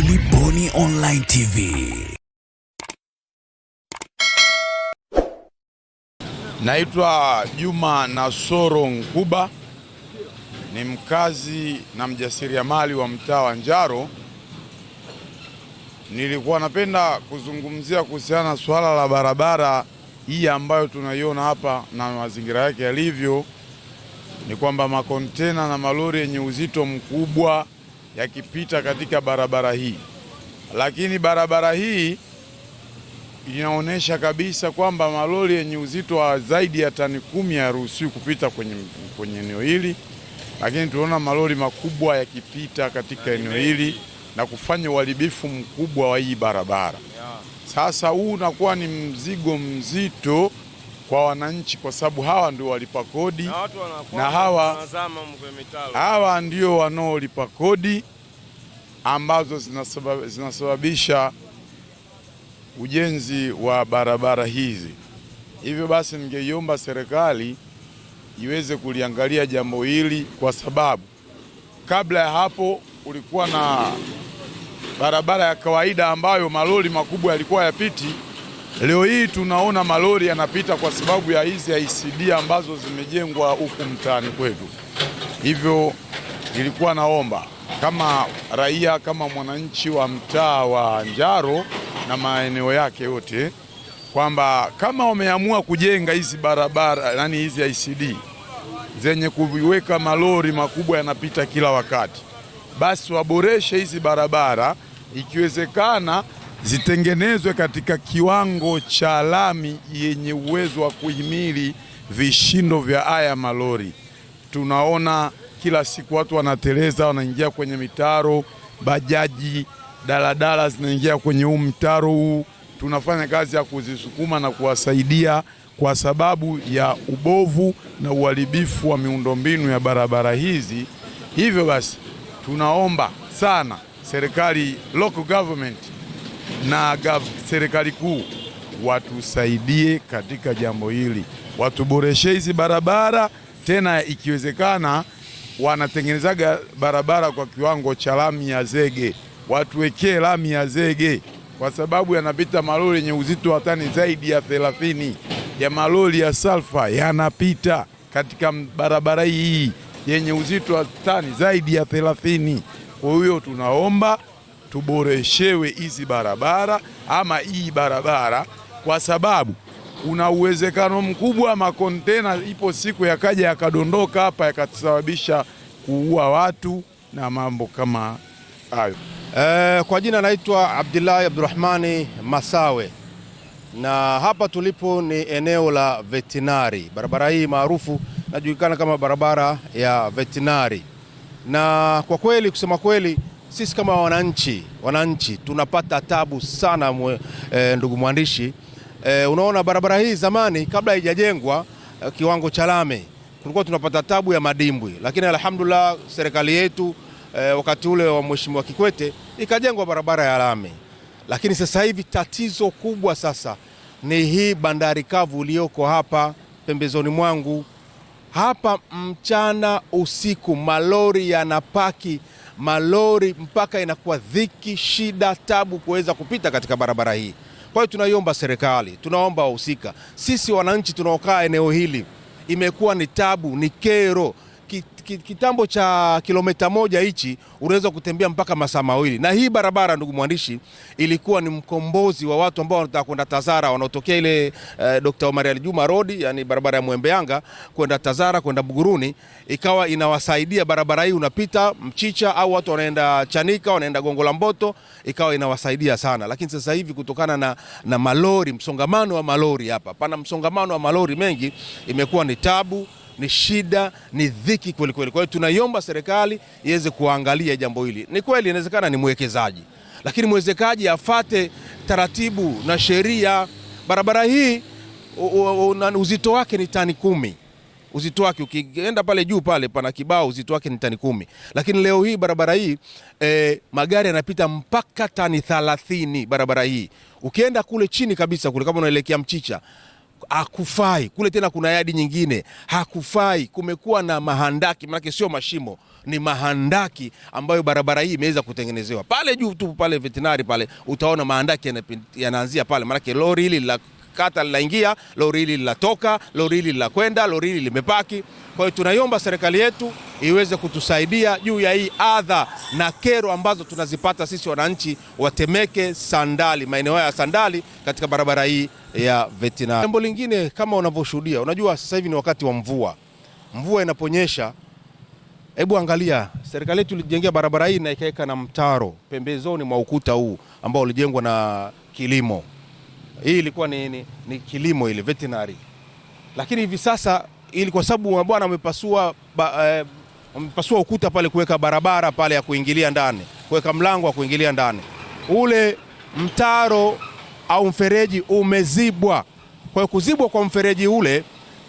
Daily Boni Online TV. Naitwa Juma Nasoro Nkuba ni mkazi na mjasiriamali wa mtaa wa Njaro. Nilikuwa napenda kuzungumzia kuhusiana na suala la barabara hii ambayo tunaiona hapa na mazingira yake yalivyo, ni kwamba makontena na malori yenye uzito mkubwa yakipita katika barabara hii, lakini barabara hii inaonyesha kabisa kwamba malori yenye uzito wa zaidi ya tani kumi hayaruhusiwi kupita kwenye, kwenye eneo hili, lakini tunaona malori makubwa yakipita katika eneo hili na kufanya uharibifu mkubwa wa hii barabara. Sasa huu unakuwa ni mzigo mzito kwa wananchi, kwa sababu hawa ndio walipa kodi na, hawa, hawa ndio wanaolipa kodi ambazo zinasababisha ujenzi wa barabara hizi. Hivyo basi ningeiomba serikali iweze kuliangalia jambo hili kwa sababu kabla ya hapo kulikuwa na barabara ya kawaida ambayo malori makubwa yalikuwa yapiti. Leo hii tunaona malori yanapita kwa sababu ya hizi ICD ambazo zimejengwa huku mtaani kwetu. Hivyo nilikuwa naomba kama raia, kama mwananchi wa mtaa wa Njaro na maeneo yake yote, kwamba kama wameamua kujenga hizi barabara, yani hizi ICD zenye kuweka malori makubwa yanapita kila wakati, basi waboreshe hizi barabara ikiwezekana zitengenezwe katika kiwango cha lami yenye uwezo wa kuhimili vishindo vya haya malori. Tunaona kila siku watu wanateleza, wanaingia kwenye mitaro, bajaji, daladala zinaingia kwenye huu mtaro huu. Tunafanya kazi ya kuzisukuma na kuwasaidia kwa sababu ya ubovu na uharibifu wa miundombinu ya barabara hizi. Hivyo basi, tunaomba sana serikali, local government na serikali kuu watusaidie katika jambo hili, watuboreshe hizi barabara. Tena ikiwezekana, wanatengenezaga barabara kwa kiwango cha lami ya zege, watuwekee lami ya zege, kwa sababu yanapita malori yenye uzito wa tani zaidi ya thelathini ya malori ya salfa yanapita katika barabara hii yenye uzito wa tani zaidi ya thelathini. Kwa hiyo tunaomba tuboreshewe hizi barabara ama hii barabara, kwa sababu kuna uwezekano mkubwa makontena ipo siku yakaja yakadondoka hapa yakasababisha kuua watu na mambo kama hayo. E, kwa jina naitwa abdullahi Abdurahmani Masawe na hapa tulipo ni eneo la vetinari. Barabara hii maarufu najulikana kama barabara ya vetinari, na kwa kweli kusema kweli sisi kama wananchi wananchi tunapata tabu sana mwe, e, ndugu mwandishi e, unaona barabara hii zamani kabla haijajengwa e, kiwango cha lami tulikuwa tunapata tabu ya madimbwi, lakini alhamdulillah serikali yetu e, wakati ule wa Mheshimiwa Kikwete ikajengwa barabara ya lami, lakini sasa hivi tatizo kubwa sasa ni hii bandari kavu iliyoko hapa pembezoni mwangu hapa mchana usiku, malori yanapaki malori mpaka inakuwa dhiki, shida, tabu kuweza kupita katika barabara hii. Kwa hiyo tunaiomba serikali, tunaomba wahusika, sisi wananchi tunaokaa eneo hili, imekuwa ni tabu, ni kero kitambo cha kilomita moja hichi unaweza kutembea mpaka masaa mawili. Na hii barabara, ndugu mwandishi, ilikuwa ni mkombozi wa watu ambao wanataka kwenda Tazara wanaotokea ile uh, eh, Dr. Omar Ali Juma Road, yani barabara ya Mwembe Yanga kwenda Tazara kwenda Buguruni, ikawa inawasaidia barabara hii, unapita Mchicha au watu wanaenda Chanika wanaenda Gongo la Mboto, ikawa inawasaidia sana. Lakini sasa hivi kutokana na, na malori, msongamano wa malori hapa pana msongamano wa malori mengi, imekuwa ni tabu ni shida, ni dhiki kweli kweli. Kwa hiyo tunaiomba serikali iweze kuangalia jambo hili. Ni kweli inawezekana ni mwekezaji, lakini mwekezaji afate taratibu na sheria. Barabara hii uzito wake ni tani kumi uzito wake ukienda pale juu pale pana kibao uzito wake ni tani kumi, lakini leo hii barabara hii e, magari yanapita mpaka tani thalathini barabara hii. Ukienda kule chini kabisa kule, kama unaelekea Mchicha hakufai kule tena. Kuna yadi nyingine hakufai, kumekuwa na mahandaki, manake sio mashimo, ni mahandaki ambayo barabara hii imeweza kutengenezewa. Pale juu tu pale vetinari pale utaona mahandaki yanaanzia pale, manake lori hili la kata linaingia, lori hili linatoka, lori hili linakwenda, lori hili limepaki. Kwa hiyo tunaiomba serikali yetu iweze kutusaidia juu ya hii adha na kero ambazo tunazipata sisi wananchi watemeke sandali, maeneo ya Sandali katika barabara hii ya Vetina. Jambo lingine kama unavyoshuhudia, unajua sasa hivi ni wakati wa mvua. Mvua inaponyesha, hebu angalia, serikali yetu ilijengea barabara hii na ikaweka na mtaro pembezoni mwa ukuta huu ambao ulijengwa na kilimo. Hii ilikuwa ni, ni, ni kilimo ile veterinary, lakini hivi sasa ili kwa sababu bwana amepasua eh, amepasua eh, ukuta pale kuweka barabara pale ya kuingilia ndani, kuweka mlango wa kuingilia ndani ule mtaro au mfereji umezibwa. Kwa hiyo kuzibwa kwa mfereji ule,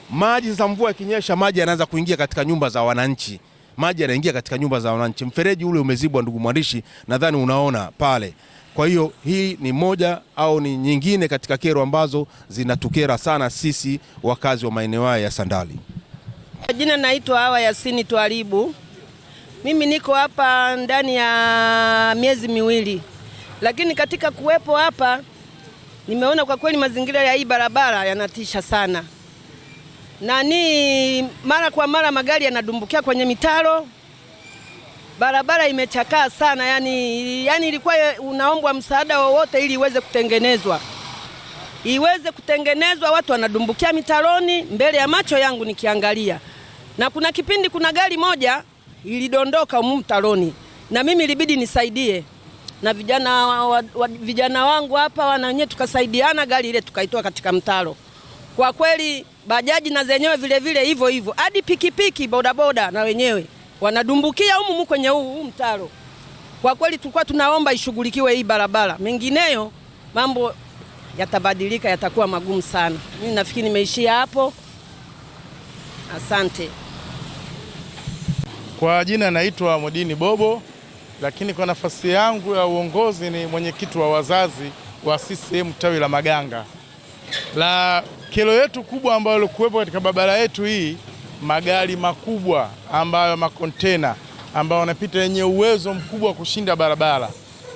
maji sasa, mvua ikinyesha, maji yanaanza kuingia katika nyumba za wananchi, maji yanaingia katika nyumba za wananchi. Mfereji ule umezibwa, ndugu mwandishi, nadhani unaona pale. Kwa hiyo hii ni moja au ni nyingine katika kero ambazo zinatukera sana sisi wakazi wa maeneo haya ya Sandali. Jina naitwa Hawa Yasini Twalibu. Mimi niko hapa ndani ya miezi miwili, lakini katika kuwepo hapa Nimeona kwa kweli mazingira ya hii barabara yanatisha sana, nani mara kwa mara magari yanadumbukia kwenye mitaro. Barabara imechakaa sana yani, yani ilikuwa unaombwa msaada wowote ili iweze kutengenezwa iweze kutengenezwa. Watu wanadumbukia mitaroni mbele ya macho yangu nikiangalia, na kuna kipindi kuna gari moja ilidondoka mtaroni, na mimi ilibidi nisaidie na vijana wa, wa, vijana wangu hapa wana wenyewe tukasaidiana, gari ile tukaitoa katika mtaro. Kwa kweli bajaji na zenyewe vile vile hivyo hivyo, hadi pikipiki bodaboda na wenyewe wanadumbukia humu humu kwenye huu mtaro. Kwa kweli tulikuwa tunaomba ishughulikiwe hii barabara, mengineyo mambo yatabadilika, yatakuwa magumu sana. Mimi nafikiri nimeishia hapo, asante. Kwa jina naitwa Modini Bobo lakini kwa nafasi yangu ya uongozi ni mwenyekiti wa wazazi wa CCM tawi la Maganga. La kero yetu kubwa ambayo ilikuwepo katika barabara yetu hii, magari makubwa ambayo makontena ambayo wanapita yenye uwezo mkubwa wa kushinda barabara,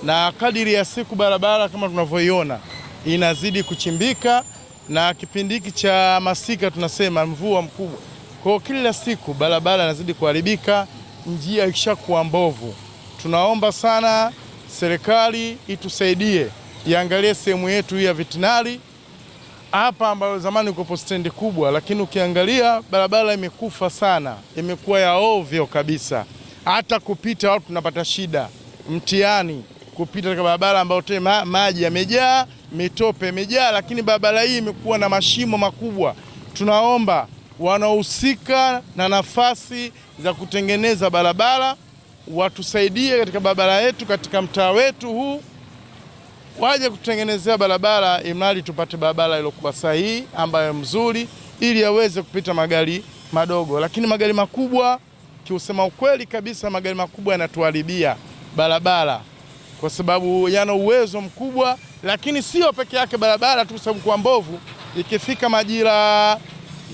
na kadiri ya siku barabara kama tunavyoiona inazidi kuchimbika, na kipindi hiki cha masika tunasema mvua mkubwa, kwa kila siku barabara inazidi kuharibika, njia ikishakuwa mbovu tunaomba sana serikali itusaidie iangalie sehemu yetu hii ya Vitinari hapa ambayo zamani kupo stendi kubwa, lakini ukiangalia barabara imekufa sana, imekuwa ya ovyo kabisa, hata kupita watu tunapata shida, mtihani kupita katika barabara ambayo tena maji yamejaa, mitope imejaa, lakini barabara hii imekuwa na mashimo makubwa. Tunaomba wanaohusika na nafasi za kutengeneza barabara watusaidie katika barabara yetu katika mtaa wetu huu, waje kutengenezea barabara, imradi tupate barabara iliyokuwa sahihi ambayo mzuri, ili yaweze kupita magari madogo. Lakini magari makubwa, kiusema ukweli kabisa, magari makubwa yanatuharibia barabara kwa sababu yana uwezo mkubwa. Lakini sio peke yake barabara tu, sababu kwa mbovu, ikifika majira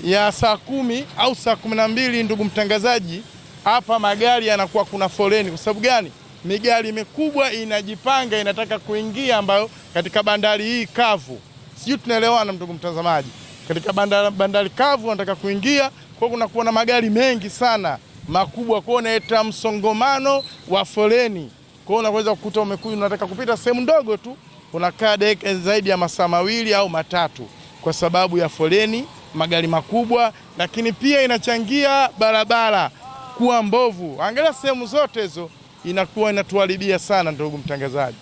ya saa kumi au saa kumi na mbili, ndugu mtangazaji hapa magari yanakuwa kuna foleni. Kwa sababu gani? Migari mikubwa inajipanga, inataka kuingia, ambayo katika bandari hii kavu, sijui tunaelewana, mtugu mtazamaji, katika bandari, bandari kavu wanataka kuingia, kwa kunakuwa na magari mengi sana makubwa, kwao unaleta msongomano wa foleni, kwao unaweza kukuta umekuja, unataka kupita sehemu ndogo tu unakaa dakika zaidi ya masaa mawili au matatu kwa sababu ya foleni, magari makubwa, lakini pia inachangia barabara kuwa mbovu. Angalia sehemu zote hizo inakuwa inatuharibia sana, ndugu mtangazaji.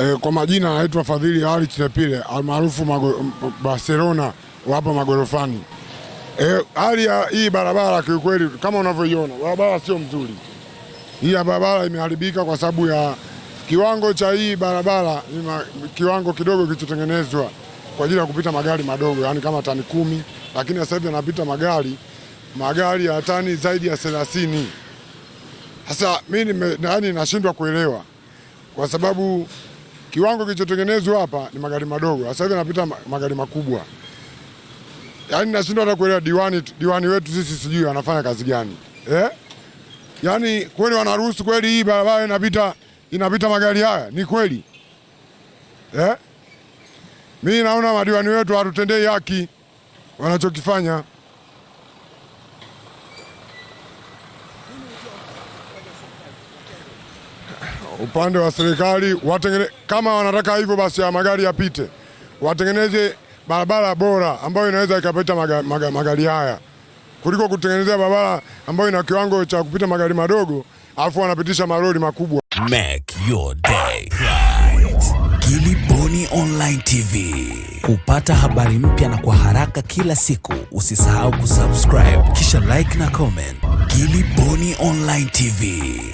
E, kwa majina anaitwa Fadhili Ali Chilepile almaarufu Barcelona wapo magorofani. E, hali ya hii barabara kiukweli, kama unavyoiona barabara sio mzuri. Hii barabara imeharibika kwa sababu ya kiwango cha hii barabara, kiwango kidogo kilichotengenezwa kwa ajili ya kupita magari madogo, yani kama tani kumi, lakini sasa hivi yanapita magari magari ya tani zaidi ya thelathini. Sasa mimi yaani nashindwa kuelewa kwa sababu kiwango kilichotengenezwa hapa ni magari madogo, sasa hivi anapita magari makubwa. Yaani nashindwa hata kuelewa diwani, diwani wetu sisi sijui anafanya kazi gani eh? Yaani kweli wanaruhusu kweli hii barabara inapita inapita magari haya ni kweli eh? Mimi naona madiwani wetu hatutendei haki wanachokifanya. upande wa serikali watengene, kama wanataka hivyo basi ya magari yapite, watengeneze barabara bora ambayo inaweza ikapita maga, maga, magari haya kuliko kutengenezea barabara ambayo ina kiwango cha kupita magari madogo alafu wanapitisha malori makubwa. Make your day right. Gilly Bonny Online TV, kupata habari mpya na kwa haraka kila siku, usisahau kusubscribe kisha like na comment. Gilly Bonny Online TV.